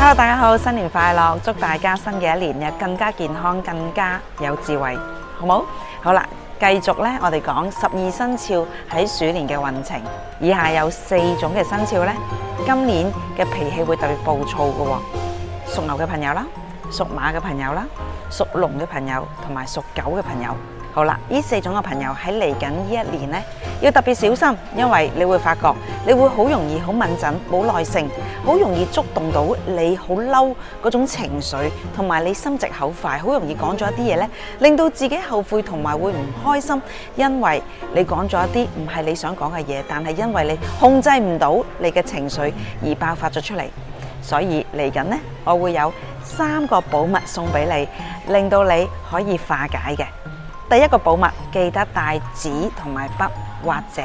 Hello 大家好，新年快樂，祝大家新嘅一年又更加健康，更加有智慧，好冇？好啦，繼續咧，我哋講十二生肖喺鼠年嘅運程，以下有四種嘅生肖咧，今年嘅脾氣會特別暴躁嘅，屬牛嘅朋友啦，屬馬嘅朋友啦，屬龍嘅朋友同埋屬狗嘅朋友。好啦，呢四種嘅朋友喺嚟緊呢一年呢，要特別小心，因為你會發覺你會好容易好敏感，冇耐性，好容易觸動到你好嬲嗰種情緒，同埋你心直口快，好容易講咗一啲嘢呢，令到自己後悔同埋會唔開心，因為你講咗一啲唔係你想講嘅嘢，但係因為你控制唔到你嘅情緒而爆發咗出嚟，所以嚟緊呢我會有三個寶物送俾你，令到你可以化解嘅。第一個寶物，記得帶紙同埋筆，或者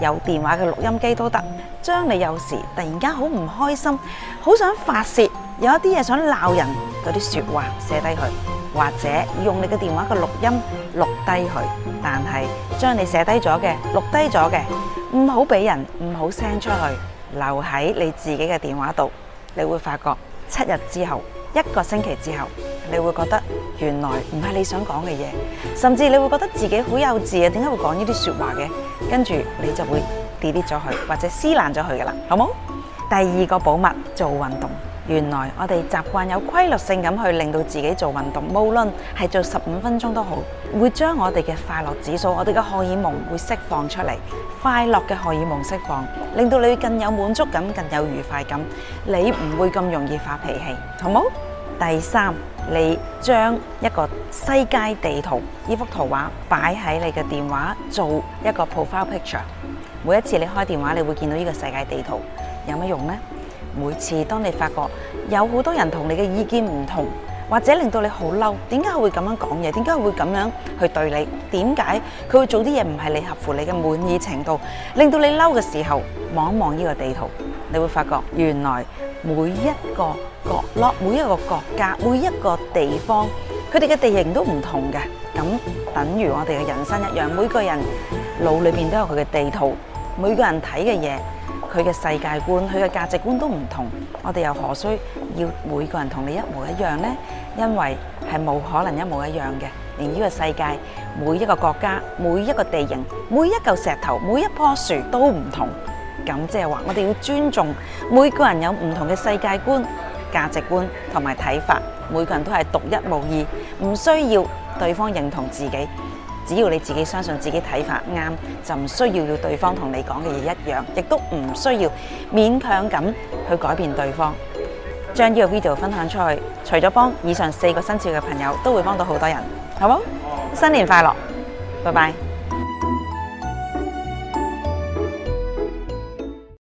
有電話嘅錄音機都得。將你有時突然間好唔開心，好想發洩，有一啲嘢想鬧人嗰啲說話寫低佢，或者用你嘅電話嘅錄音錄低佢。但係將你寫低咗嘅，錄低咗嘅，唔好俾人，唔好 send 出去，留喺你自己嘅電話度，你會發覺。七日之後，一個星期之後，你會覺得原來唔係你想講嘅嘢，甚至你會覺得自己好幼稚啊，點解會講呢啲說話嘅？跟住你就會 delete 咗佢，或者撕爛咗佢噶啦，好冇？第二個保密，做運動。原來我哋習慣有規律性咁去令到自己做運動，無論係做十五分鐘都好，會將我哋嘅快樂指數、我哋嘅荷爾蒙會釋放出嚟。快樂嘅荷爾蒙釋放，令到你更有滿足感、更有愉快感。你唔會咁容易發脾氣，好冇？第三，你將一個世界地圖呢幅圖畫擺喺你嘅電話，做一個 profile picture。每一次你開電話，你會見到呢個世界地圖，有乜用呢？每次當你發覺有好多人同你嘅意見唔同，或者令到你好嬲，點解會咁樣講嘢？點解會咁樣去對你？點解佢會做啲嘢唔係你合乎你嘅滿意程度，令到你嬲嘅時候，望一望呢個地圖，你會發覺原來每一個角落、每一個國家、每一個地方，佢哋嘅地形都唔同嘅。咁等於我哋嘅人生一樣，每個人腦裏邊都有佢嘅地圖，每個人睇嘅嘢，佢嘅世界觀、佢嘅價值觀都唔同，我哋又何需要每個人同你一模一樣呢？因為係冇可能一模一樣嘅，連呢個世界每一個國家、每一個地形、每一嚿石頭、每一樖樹都唔同。咁即係話，我哋要尊重每個人有唔同嘅世界觀、價值觀同埋睇法，每個人都係獨一無二，唔需要對方認同自己。只要你自己相信自己睇法啱，就唔需要要對方同你講嘅嘢一樣，亦都唔需要勉強咁去改變對方。將呢個 video 分享出去，除咗幫以上四個生肖嘅朋友，都會幫到好多人，好冇？新年快樂，拜拜！